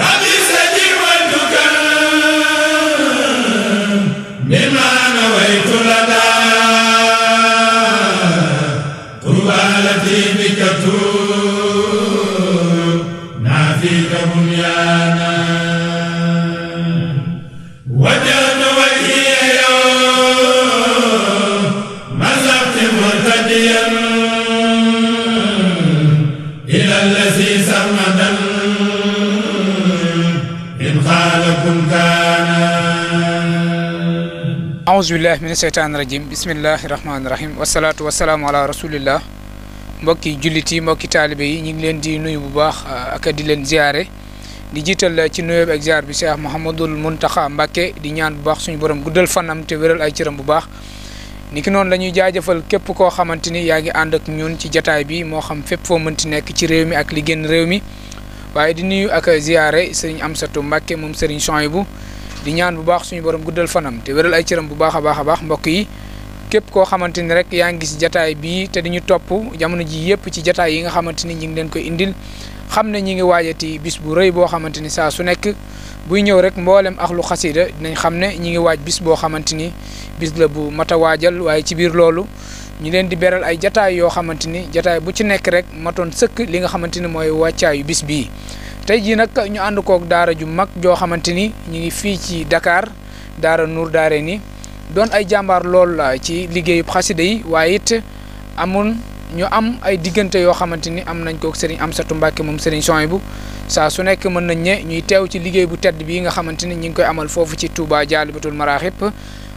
Amen. billahi mina seytaani rajim bismillahi rahmaani rahim wasalaatu wasalaamu ala rasulillah mbokki jullit yi mbokki taalibe yi ñu ngi leen di nuyu bu baax uh, ak di leen ziare di jiital uh, ci nuyoo ak ziar bi Cheikh Mouhamadul Mountakha Mbacké di ñaan bu baax suñu boroom guddal fanam te wéral ay cëram bu baax ni ki noonu la ñuy jaajëfal képp koo xamante ni yaa ngi ànd ak ñun ci jataay bi moo xam fépp foo mënti nekk ci réew mi ak li génn réew mi waaye di nuyu ak ziare sëriñ Amsatou Mbacké moom sëriñ Souhaïbou di ñaan bu baax suñu borom guddal fanam te wéral ay cëram bu baax a baax a baax mbokk yi képp koo xamante ni rek yaa ngi gis jataay bii te dañu topp jamono ji yëpp ci jataay yi nga xamante ni ñu ngi leen koy indil xam ne ñi ngi waajati bis bu rëy boo xamante ni saa su nekk buy ñëw rek mboolem axlu xasida dinañ xam ne ñi ngi waaj bis boo xamante ni bis la bu mat a waajal waaye ci biir loolu ñu leen di beral ay jataay yoo xamante ni jataay bu ci nekk rek matoon sëkk li nga xamante ni mooy wàccaayu bis bii tey jii nag ñu ànd kook daara ju mag joo xamante ni ñu ngi fii ci dakaar daara nuur daare ni doon ay jàmbaar lool ci liggéeyub xasida yi waaye it amun ñu am ay diggante yoo xamante ni am nañ kook Serigne Amsatou Mbacke moom Serigne Souhaïbou saa su nekk mën nañ ñe ñuy teew ci liggéey bu tedd bii nga xamante ni ñu ngi koy amal foofu ci Touba Jaalibatul Maraaxib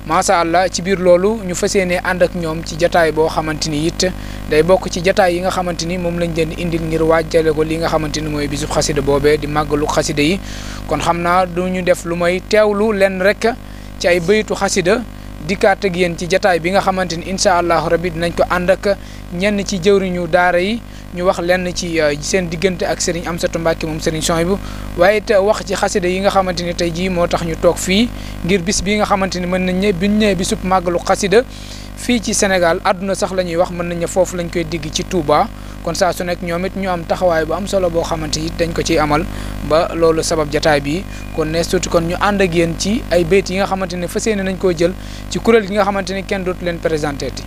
macha allah ci biir loolu ñu fas ne ànd ak ñoom ci jataay boo xamante ni it day bokk ci jataay yi nga xamante ni moom lañ leen indil ngir jale ko li nga xamante ni mooy bisub xasida boobee di màggalu xasida yi kon xam naa du ñu def lu may teewlu leen rek ci ay bëyitu xasida dikkaat ak yéen ci jataay bi nga xamante ni incha allahu rabi dinañ ko ànd ak ñenn ci jëwriñu daara yi ñu wax lenn ci euh, seen diggante ak Serigne Amsatou Mbacke moom Serigne Souhaïbou waaye te euh, wax ci xasida yi nga xamante ni tey jii moo tax ñu toog fii ngir bis bi nga xamante ni mën nañ ne bi ñëwee bisub màggalu xasida fii ci Sénégal àdduna sax la ñuy wax mën nañ ne foofu lañ koy digg ci Touba kon saa su nekk ñoom it ñu am taxawaay bu am solo boo xamante ni dañ ko ciy amal ba loolu sabab jataay bi kon ne surtout kon ñu ànd ak yéen ci ay béyt yi nga xamante ne fas yéene nañ ko jël ci kuréel gi nga xamante ni kenn dootu leen présenté ti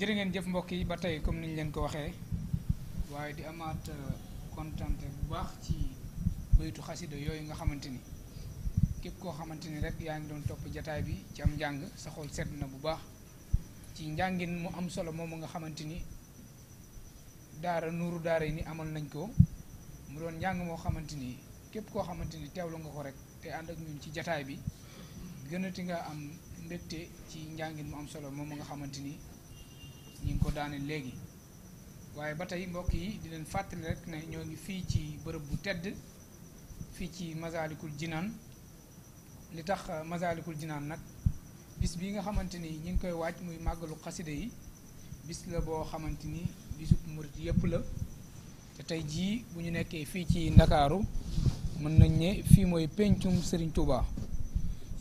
jërë ngeen jëf mbokk yi ba tey comme niñ leen ko waxee waaye di amaat contente euh, bu baax ci baytu xasida yooyu nga xamante ni képp koo xamante ni rek yaa don doon topp jataay bi ci am njàng sa xol sedd na bu baax ci njàngin mu am solo moomu nga xamante ni daara nuuru daara yi ni amal nañ ko mu doon njàng moo xamante ni képp koo xamante nga ko rek te ànd ak ñun ci jataay bi gënati nga am mbégte ci njàngin mu am solo moomu nga xamante ñu ngi ko daane léegi waaye ba tey mbokk yi di fàttali rek ne ñoo ngi fii ci bërëb bu tedd fii ci Masaalikul Jinaan li tax euh, Masaalikul Jinaan nag bis bi nga xamante ni ñu ngi koy waaj muy màggalu xasida yi bis la boo xamante ni bisub murit yëpp la te tey jii bu ñu nekkee fii ci ndakaaru mën nañ ne fii mooy pencum sëriñ Touba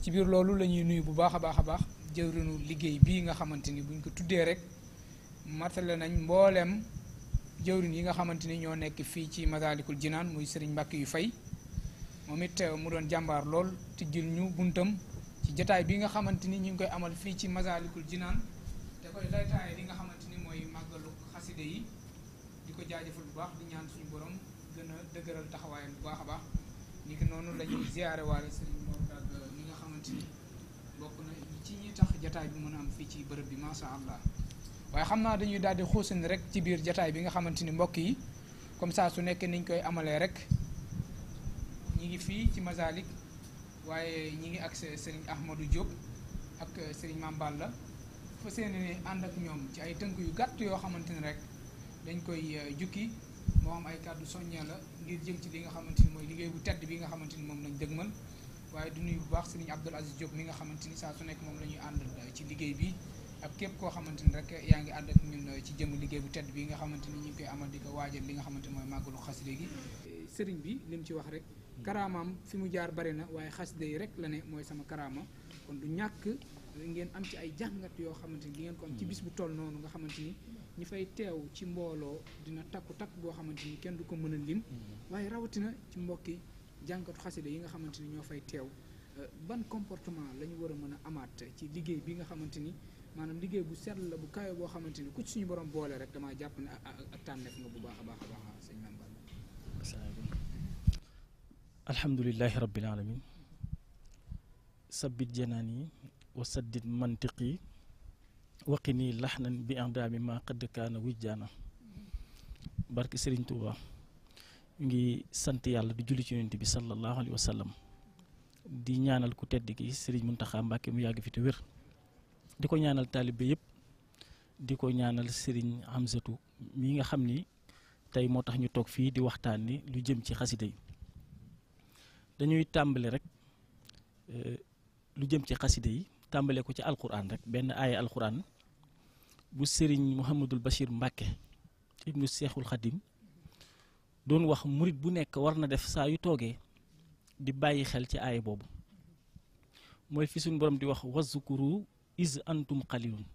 ci biir loolu lañuy nuy bu baax a baax a baax jëwrinu liggéey bii nga xamante ni buñ ko tuddee rek martale nañ mbooleem jëwrin yi nga xamante ni ñoo nekk fii ci Masaalikul Jinaan muy sëriñ mbakk yu fay moom it eh, mu doon jàmbaar lool tijjil ñu buntam ci jataay bi nga xamante ni ñu ngi koy amal fii ci Masaalikul Jinaan te koy laytaaye li nga xamante ni mooy màggalu xaside yi di ko jaajëfal bu baax di ñaan suñu borom gën a dëgëral taxawaayam bu baax a baax ni ki noonu la ñuy ziyaare waale sëriñ Mor Dag ñi eh, nga xamante ni bokk na ci ñi tax jataay bi mën a am fii ci bërëb bi macha allah waaye xam naa dañuy daal di xuusin rek ci biir jataay bi nga xamante ni mbokk yi comme ça su nekkee niñ koy amalee rek ñi ngi fii ci Masalik waaye ñi ngi ak Serigne Ahmadou Diop ak euh, Serigne Mambal la fa seen ne ànd ak ñoom ci ay tënk yu gàtt yoo xamante ni rek dañ koy euh, jukki moo am ay kàddu soññee la ngir jëm ci li nga xamante ni mooy liggéey bu tedd bi nga xamante ni moom lañ dëgmal waaye du nuyu bu baax Serigne Abdoul Aziz Diop mi nga xamante ni saa su nekk moom la ñuy àndal euh, ci liggéey bi ak képp koo xamante ni rek yaa ngi ànd ak ñun ci jëm liggéey bu tedd bi nga xamante ni ñu ngi koy amal di ko waajal li nga xamante mooy màggalu xasida gi sëriñ bi li mu ci wax rek karaamaam fi mu jaar bari na waaye xasida yi rek la ne mooy sama karaama kon du ñàkk ngeen am ci ay jàngat yoo xamante ni di ngeen ko am ci bis bu toll noonu nga xamante ni ñi fay teew ci mbooloo dina takku takk goo xamante ni kenn du ko mën a lim waaye rawatina ci mbokki jànkatu xasida yi nga xamante ni ñoo fay teew ban comportement la war a mën a amaat ci liggéey bi nga xamante ni maanaam liggéey bu sell la bu kawe boo xamante ni ku ci suñu borom boole rek damaa jàpp ne ak tànneef nga bu baax a baax a baax sëñ Mame alhamdulilahi rabbil alamin sabbit janaani wa saddit mantiqi waqi nii laxnan bi indaami ma qad kaana wijjaana barke Sëriñ Tuuba ngi sant yàlla di julli ci yonent bi sallallahu alayhi wa sallam di ñaanal ku tedd ki Sëriñ Muntaxa Mbàkke mu yàgg fi te wér di ko ñaanal taalibe yëpp di ko ñaanal Serigne Hamzatou mi nga xam ni tey moo tax ñu toog fii di waxtaan ni lu jëm ci xasida yi dañuy tàmbale rek euh, lu jëm ci xasida yi tàmbale ko ci alquran rek benn aaya alxuraan bu Serigne Mouhamadul Bachir Mbacke ibnu Seexul Xadim doon wax murit bu nekk war na def saa yu toogee di bàyyi xel ci aaya boobu mooy fi suñ borom di wax wazukuru إذ أنتم قليلون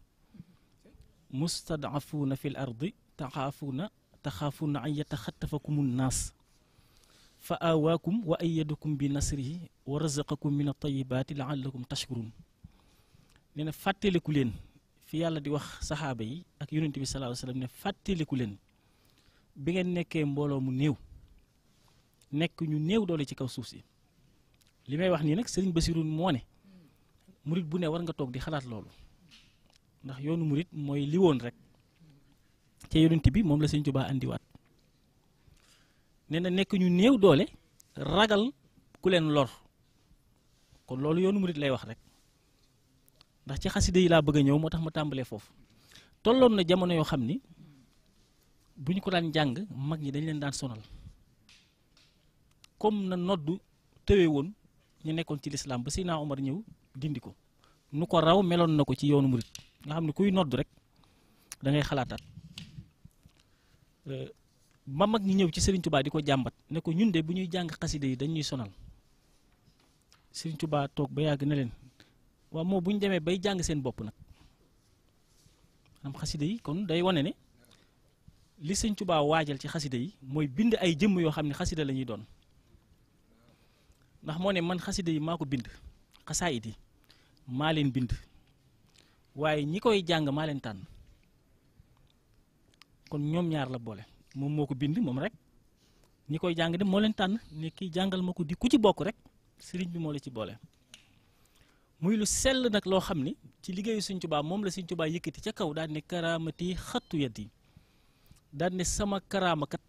مستضعفون في الأرض تخافون تخافون أن يتخطفكم الناس فآواكم وأيدكم بنصره ورزقكم من الطيبات لعلكم تشكرون نينا فاتلي كولين في يالا دي واخ صحابه يي اك يونت بي صلى الله عليه وسلم ني فاتلي كولين بيغي نيكي مبولو مو نيو نيك نيو دولي سي سوسي لي مي نك سيرن بشيرون مو Murid bu ne war nga tok di yonu murid ndax yoonu murid moy li won rek ci yoonte bi mom la sëñ Tuubaa andiwaat nee na nek ñu neew doole ragal ku len lor kon loolu yoonu murid lay wax rek ndax ci xaside yi la bëgg ñew motax ma tambalé fofu tollon na jamono yo xamni ni ko daan jang mag ñi dañ leen daan sonal comme na noddu tëwe won ñu nekkon ci l'islam ba Omar ñew dindi ko nu ko raw melon nako ci yoonu murit nga xamni kuy nodd rek da ngay euh ba mag ni ñew ci Serigne Touba di ko jambat. ne ko ñun de bu ñuy jang qasida yi dañuy sonal Serigne Touba tok ba yag na len wa mo bu ñu bay jang seen bop nak am qasida yi kon day wone ne li Serigne Touba wajal ci qasida yi moy bind ay jëm yo xamni qasida lañuy doon ndax mo ne man qasida yi mako bind qasaidi maa leen bind waaye ñi koy jàng maa leen tànn kon ñoom ñaar la boole moom moo ko bind moom rek ñi koy jàng de moo leen tànn ne jàngal ma ko di ku ci bokk rek sëriñ bi moo la ci boole. muy lu sell nag loo xam ni ci liggéeyu Sëriñ Tuubaa moom la Sëriñ Tuubaa yëkkati ca kaw daan ne karaamati xattu yat yi daan sama karaama kat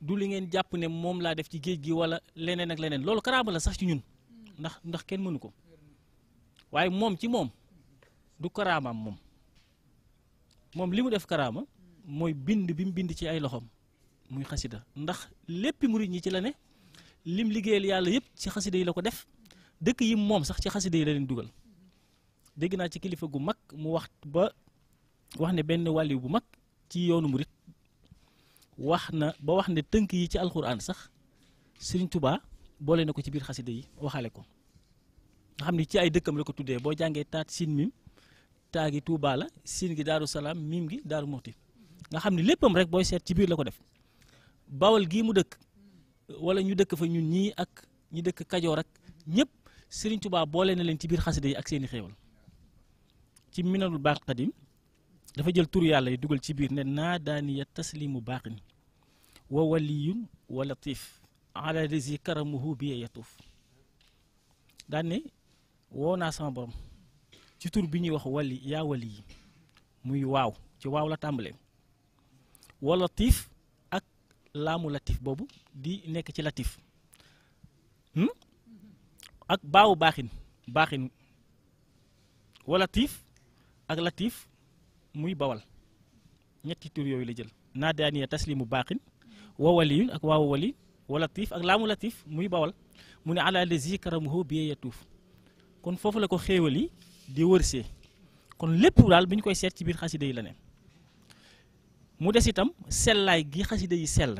du li ngeen jàpp ne moom laa def ci géej gi wala leneen ak leneen loolu karaama la sax ci ñun ndax ndax kenn mënu ko. waaye moom ci moom du karaamam moom moom li mu def karaama mooy bind bi mu bind ci ay loxoom muy xasida ndax léppi murit ñi ci la ne lim liggéeyal yàlla yëpp ci xasida yi la ko def dëkk yi moom sax ci xasida yi la leen dugal dégg naa ci kilifa gu mag mu wax ba wax ne benn wàlliw bu mag ci yoonu murit wax na ba wax ne tënk yi ci alxuraan sax Sëriñ tubaa boole na ko ci biir xasida yi waxale ko nga xam ni ci ay dëkkam la ko tuddee boo jàngee taat siin mim taa gi tuubaala siin gi Daaru Salaam mim gi Daaru Muxti nga xam ni léppam rek booy seet ci biir la ko def bawal gii mu dëkk wala ñu dëkk fa ñun ñii ak ñu dëkk Kajoor rek ñëpp Serigne tubaab boole na leen ci biir xasida yi ak seeni xéewal ci minanul baax xadim dafa jël tur yàlla yi dugal ci biir ne naa daaniya taslimu baaxin wa waliyun wa latif ala risi karamuhu biye yatuuf daan ne woo naa sama borom ci tur bi ñuy wax wali yaa wali yi muy waaw ci waaw la tàmbalee wala latiif ak laamu latif boobu di nekk ci latif hmm? ak baawu baaxin baaxin wala ak latif muy bawal ñetti tur yooyu la jël naa daaniya taslimu baaxin wa waliyun ak waawu wali wa latiif ak laamu latif muy bawal mu ne ala lazi karamuhu bi yatuuf kon foofu la ko xéewal yi di wërsee kon lépp daal bi ñu koy seet ci biir xasida yi la ne mu des itam sellaay gi xasida yi sell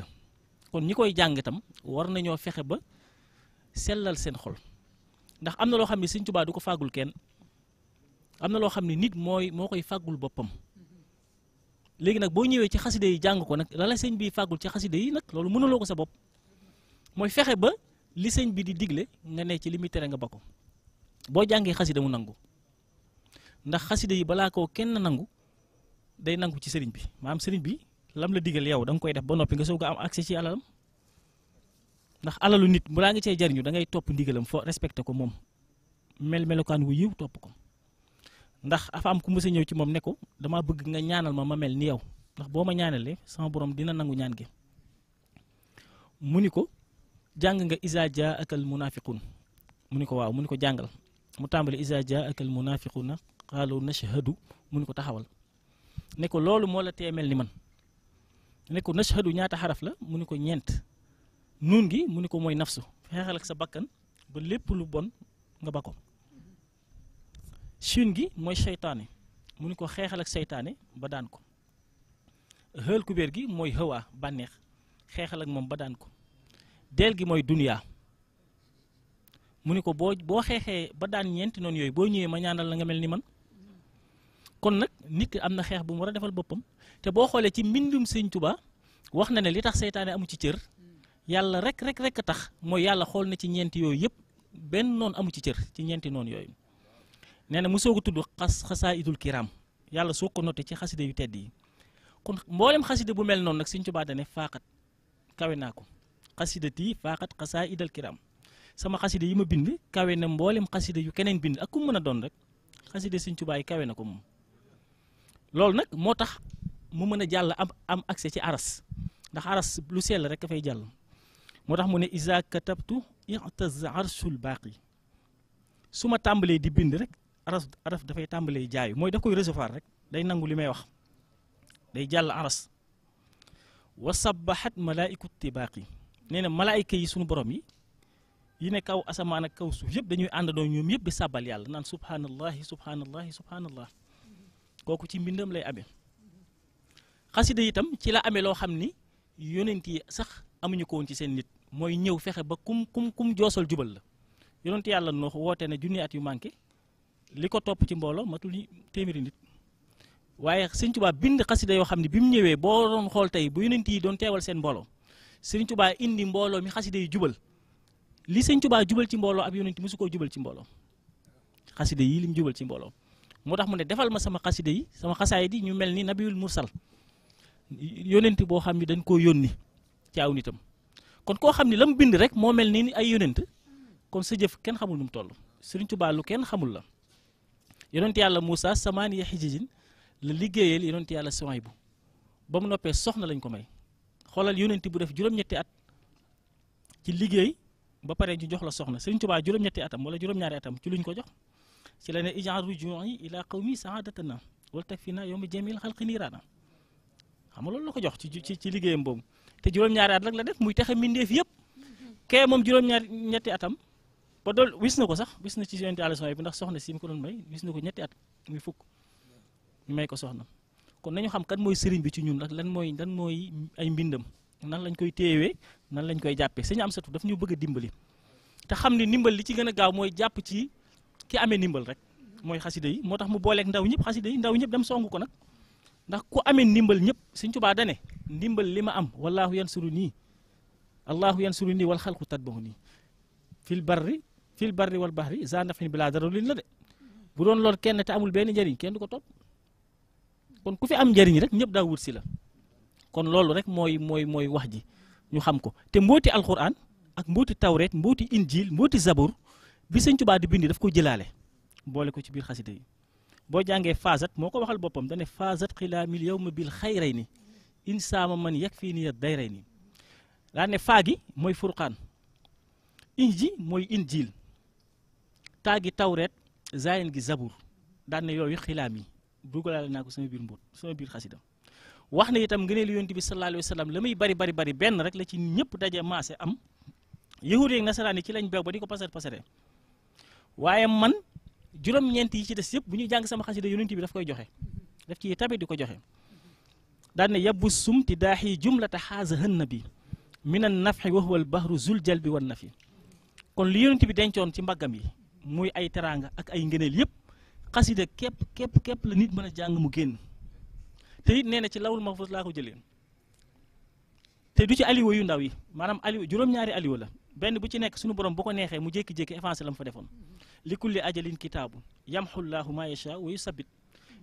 kon ñi koy jàng itam war nañoo fexe ba sellal seen xol ndax am na loo xam ne Sëñ Tuubaa du ko fàggul kenn am na loo xam ne nit mooy moo koy fàggul boppam léegi nag boo ñëwee ci xasida yi jàng ko nag la la sëñ bi fàggul ci xasida yi nag loolu mënuloo ko sa bopp mooy fexe ba li sëñ bi di digle nga ne ci li muy tere nga ba bo jangé khassida mu nangu ndax khassida yi bala ko kenn nangu day nangu ci serigne bi maam serigne bi lam la digel yow dang koy def ba nopi nga soog a am accès ci alalam ndax alalu nit la nga ci jariñu da ngay top digelam fo respecté ko mom mel kan wu yiw top ko ndax afa am ku mësa a ci mom ne ko dama bëgg nga ñaanal ma ma mel ni yow ndax boma ma sama borom dina nangou ñaan gi muniko jang nga izaja akal munafiqun muniko waaw muniko jangal mu tàmbali isa jaaka al munafiquna qaalu nashhadu mu ko taxawal ne ko loolu moo la teemel ni man ne ko nashhadu ñaata xaraf la mu ko ñeent nuun gi mu ko mooy nafsu xeexal ak sa bakkan ba lépp lu bon nga ba ko shin gi mooy seytaane mu ko xeexal ak seytaane ba daan ko xël kubéer gi mooy xëwaa bànneex xeexal ak moom ba daan ko deel gi mooy duniyaa mu ni ko boo boo xeexee ba daan ñeenti noonu yooyu boo ñëwee ma ñaanal la nga mel ni man kon nag nit ki am na xeex bu mu war a defal boppam te boo xoolee ci mbindum sëñ Tuubaa wax na ne li tax seytaane amu ci cër yàlla rek rek rek a tax mooy yàlla xool na ci ñeenti yooyu yëpp benn noonu amu ci cër ci ñeenti noonu yooyu nee na mu soo a tudd xas xasaa idul kiram yàlla soo ko noté ci xaside yu tedd yi kon mbooleem xaside bu mel noonu nag sëñ Tuubaa dane faaqat kawe naa ko xasida tii faaqat xasaa idul kiram sama xasida yi ma bind kawe na mboolem xasida yu keneen bind ak ku mën a doon rek xasida Sëñ Tuubaa yi kawe na ko moom loolu nag moo tax mu mën a jàll am am accès ci aras ndax aras lu sell rek dafay jàll moo tax mu ne isa katabtu itaz arsul baaqi su ma tàmbalee di bind rek aras araf dafay tàmbalee jaayu mooy daf koy recevoir rek day nangu li may wax day jàll aras wa sabaxat malaa'iku tibaaqi nee na malaayka yi sunu borom yi yi ne kaw asamaan ak kaw suuf yëpp dañuy àndandoo ñoom yëpp di sàbbal yàlla naan subhaanallahi subhaanallahi subhaanallah kooku ci mbindam lay ame xasida itam ci la amee loo xam ni yonent yi sax amuñu ko woon ci seen nit mooy ñëw fexe ba kum kum kum joosal jubal la yonent yàlla noox woote ne junni at yu manqué li ko topp ci mbooloo matul téeméeri nit waaye Sëñ Tuubaa bind xasida yoo xam ne bi mu ñëwee boo doon xool tey bu yonent yi doon teewal seen mbooloo Sëñ Tuubaa indi mbooloo mi xasida yi jubal li sëñ Tuubaa jubal ci mbooloo ab yonent mosu koo jubal ci mbooloo xaside yi lim jubal ci mbooloo moo tax mu ne defal ma sama xaside yi sama xasaayid yi ñu mel ni nabiyul mursal yonent boo xam ni dañ koo yónni ci aw nitam kon koo xam ni la bind rek moo mel ni ay yonent kon sa jëf kenn xamul nu mu toll sëriñ Tuubaa lu kenn xamul la yonent yàlla Moussa samaani ya xijijin la liggéeyal yonent yàlla bu ba mu noppee soxna lañ ko may xoolal yonent bu def juróom at ci liggéey ba pare ñu jox la soxna Sëriñ Tuubaa juróom-ñetti atam wala juróom-ñaari atam ci luñ ko jox ci la ne ijan ruju'i ila qawmi saadatana wal takfina xam nga loolu la ko jox ci ci ci liggéeyam boobu te juróom-ñaari at la def muy taxe mbindeef yëpp kee moom juróom-ñaari ñetti atam ba dool wis na ko sax wis na ci yonent Yàlla Suhayb bi ndax soxna si mu ko doon may wis na ko ñetti at muy fukk ñu may ko soxna kon nañu xam kan mooy seriñ bi ci ñun ak lan mooy lan mooy ay mbindam nan lañ koy téewee nan lañ koy jàppee sëñ Amsatu daf ñu bëgg a dimbali te xam ne ndimbal li ci gën a gaaw mooy jàpp ci ki amee ndimbal rek mooy xasida yi moo tax mu booleeg ndaw ñëpp xasida yi ndaw ñëpp dem songu ko nag ndax ku amee ndimbal ñëpp sëñ Tuubaa dane ndimbal li ma am wallaahu yansuru nii allahu yansuru nii wal xalqu tatbahu nii fil barri fil barri wal bahri za nafin bilaa dararin la de bu doon lool kenn te amul benn njariñ kenn du ko topp kon ku fi am njëriñ rek ñëpp daa wut si la kon loolu rek mooy mooy mooy wax ji ñu xam ko te mbooti alquran ak mbooti tawret mbooti injil mbooti zabur bi sëñ Tuubaa di bindi daf ko jëlaale bolé ko ci bir xasida yi bo jangé fazat moko waxal bopam dane fazat faasat xilaamil yawm bil khayrayn ni man yakfini fii dayrayn la ne fagi moy furqan furqaan inji mooy injil tagi tawret zayn gi zabur daan ne yooyu xilaam yi dugalaale ko sama bir mbóot sama bir xasida wax na itam ngëneelu yonent bi sallallahu alayhi wa sallam la muy bari bari bari benn rek la ci ñëpp daje maase am yahud yi nasaraan yi ci lañ beew ba di ko pasar pasare waaye man juróom-ñeent yi ci des yëpp bu ñuy jàng sama xasida yonent bi daf koy joxe daf ci tamit di ko joxe daan ne yabbu sumti daaxi jumlata xaasa hën na bi minan nafxi wa huwa al bahru zul jalbi wan fi kon li yonent bi dencoon ci mbaggam yi muy ay teraanga ak ay ngëneel yëpp xasida képp képp képp la nit mën a jàng mu génn te it nee na ci lawul mahfuz laa ko jëlee te du ci aliwa yu ndaw yi maanaam aliwa juróom-ñaari aliwa la benn bu ci nekk suñu borom bu ko neexee mu jékki-jékki effacé la mu fa defoon li kulli ajalin kitaabu yamxullaahu maa yashaa wa yusabbit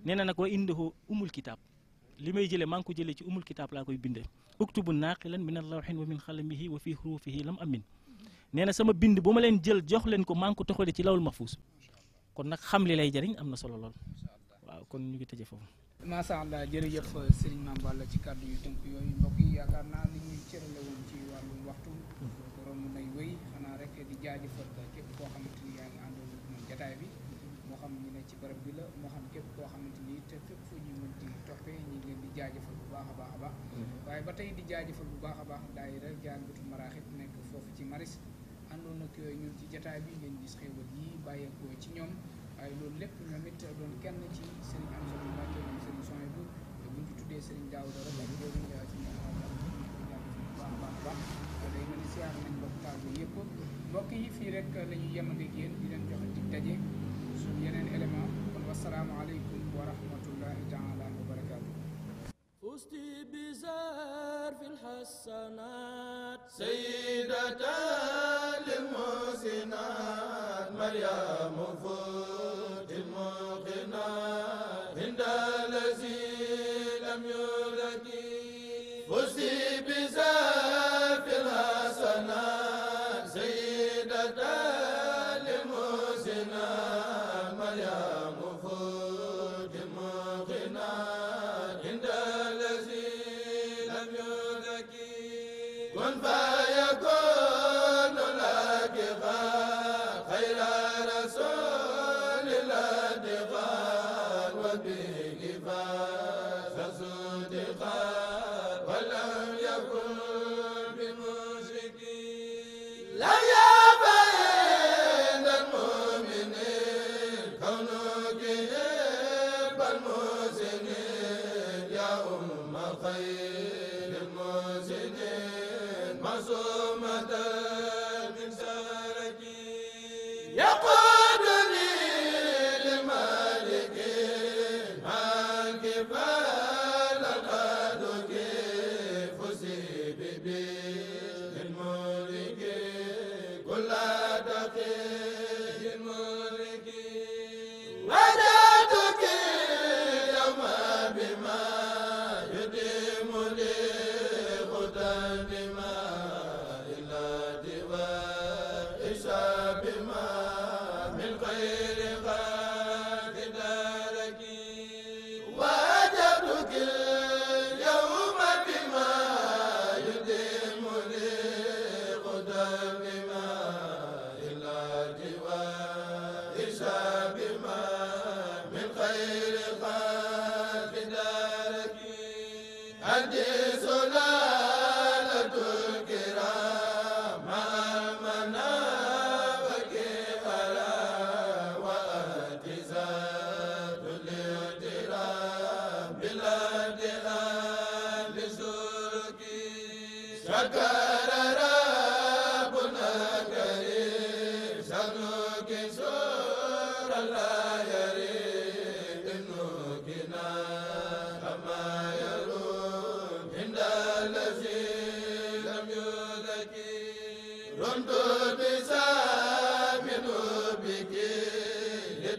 nee na nag wa indahu umul kitaab li may jëlee maa ngi ko jëlee ci umul kitaab laa koy bindee uktubu naaqilan min allawxin wa min xalamihi wa fi xurufihi lam amin nee na sama bind bu ma leen jël jox leen ko maa ngi ko toxalee ci lawul mahfuz kon nag xam li lay jëriñ am na solo lool waaw kon ñu ngi tëjee foofu macha allah jërëjëf sëriñ Mame Balla ci kàddu yu tënk yooyu mbokk yi yaakaar naa li ñuy la woon ci wàllum waxtu romb nay wéy xanaa rek di jaajëfal képp koo xamante ni yaa ngi jataay bi moo xam ñu ne ci barab bi la moo xam képp koo xamante ni te fépp fu ñu mën di toppee ñu ngi leen di jaajëfal bu baax a baax a baax mm-hmm. waaye ba tey di jaajëfal bu baax a baax daayira jàngatu maraaxit nekk foofu ci maris àndoon ak ñun ci jataay bi ngeen gis xéewal yi bàyyeekoo ci ñoom waaye loolu lépp ñoom it doon kenn ci sëriñ am solo Mbàkke moom sëriñ son bu bu ñu tuddee sëriñ daaw dara ak loolu ñu ci ñu baax a baax baax day mën a siyaar nañ mbokk taal yëpp mbokk yi fii rek la ñuy yemande ak yéen di leen joxe dig daje suñu yeneen élément kon wasalaamaaleykum wa rahmatullahi taala wa barakaatu فزت بزار في الحسنات سيدتي أحدا من سلكي يقول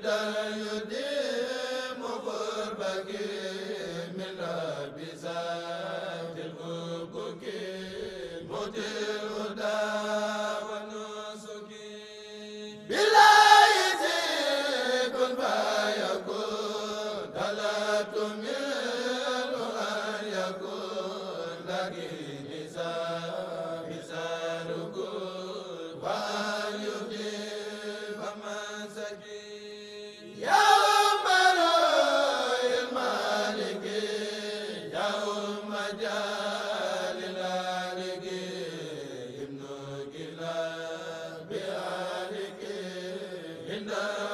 dal inna